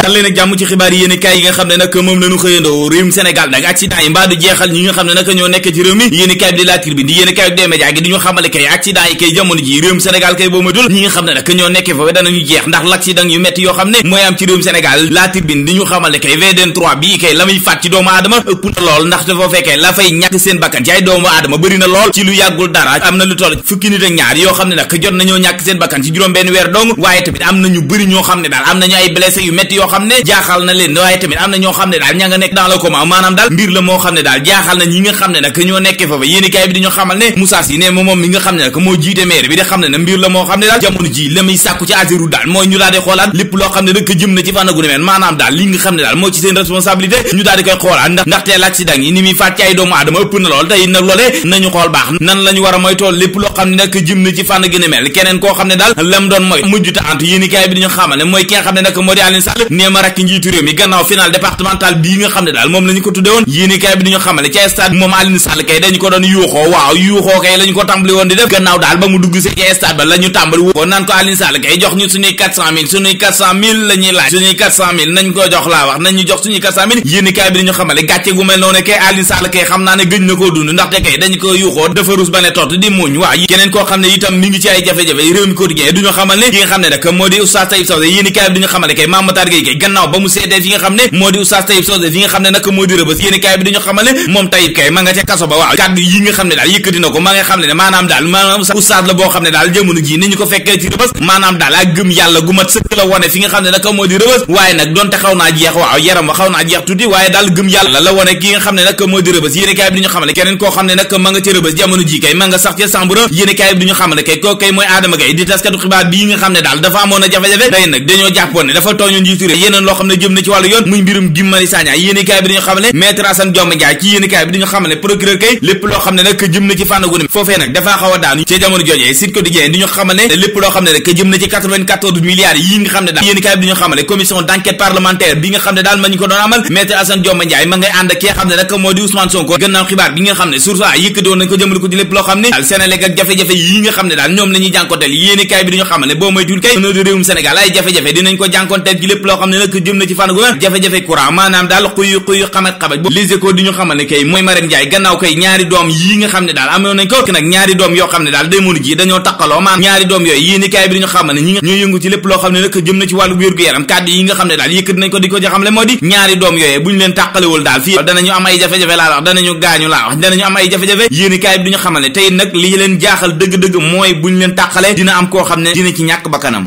dal leen ak jàmm yi yéene kaay yi nga xam ne nag moom lañu xëyandoo réewum Sénégal nag yi mbaa du jeexal ñi nga xam ne nag ñoo nekk ci réew mi yéene kaay bi di La Tribune yi ma dul ñi nga xam ne nag ñoo nekk fa danañu jeex ndax l'accident metti yoo xam ne mooy am ci réewum Sénégal La Tribune di ñu xamale kay VDN 3 bii kay la muy faat ci doomu aadama ëpp lool ndax dafa fekkee la fay ñàkk seen bakkan ci ay doomu aadama bëri na lool ci lu yàggul dara am na lu toll fukki nit ak ñaar yoo xam ne nag jot nañoo daal am nañu ay blessé yu métti yoo xam ne jaaxal na leen waaye tamit am na ñoo xam ne daal ña nga nekk dans le coma maanaam daal mbir la moo xam ne daal jaaxal ji la muy sàkku ci Azirou daal mooy ñu daal di xoolaat lépp loo xam ne daal ndax ndaxte l'accident yi ni muy faat ci ay doomu aadama ëpp na lool tey nag loolee nañu xool baax nan la war a moytoo lépp loo xam ne nag jëm na ci fànn gu ne mel keneen koo xam ne daal lam doon mooy mujj te ki ko jox laa wax nañ jox suñuy quatre cent mille yéene bi di ñu xamale gàcce gu mel noonu kay Alioune kay xam naa ne gëñ na koo dund ndaxte kay dañ ko yuuxoo dafa rus ba ne tott di muñ waaw keneen koo xam ne itam mi ngi ci jafe-jafe réew mi quotidien duñu xamal ne ki nga xam ne nag moo di Oustaz Taïb Sawde yéene kaay bi di xamale kay Mame Matar Gueye kay gannaaw ba mu seetee fi nga xam ne moo di oustaz Taïb Socé fi nga xam ne moom Taïb kay ma nga xam ne na ko ma nga wa xaw naa ca rëbës jamono ji kay ma nga sax ca sambura yéenekaay bi di xamale kay kooku mooy Adama Gaye di taskatu xibaar bi nga xam ne daal dafa amoon na jafe-jafe day nag dañoo jàppoon ne dafa tooñoon njiitu yi nga xam ne daal yéenekaay bi dañu ko doon amal maître Assane bi nga xam ne source a yëkkati woon nañ ne daal Sénégal ak ay jafe-jafe dinañ ko jànkonteel ci lépp loo xam ne nag jëm na ci fànn gu ne jafe-jafe courant maanaam daal xuyu xuyu xamat xamat bu Les Échos di ñu xamal ne kay mooy Marème Ndiaye gannaaw kay ñaari doom yi nga xam ne daal amoon nañ ko nag ñaari doom yoo xam ne daal démonu ji dañoo taqaloo maanaam ñaari doom yooyu yéen i kaay bi dañu xamal ne ñi nga ñoo yëngu ci lépp loo xam ne nag jëm na ci wàllu wér-gu-yaram kàddu yi nga xam ne daal yëkkati nañ ko di ko ja xamle moo di ñaari doom yooyu bu ñu leen tàqalewul daal fii danañu am ay jafe-jafe laa wax danañu gaañu laa wax danañu am ay jafe-jafe yéen i kaay bi duñu xamal ne tey nag li leen jaaxal dëgg-dëgg mooy bu ñu leen tàqale dina am koo xam ne dina ci ñàkk bakkanam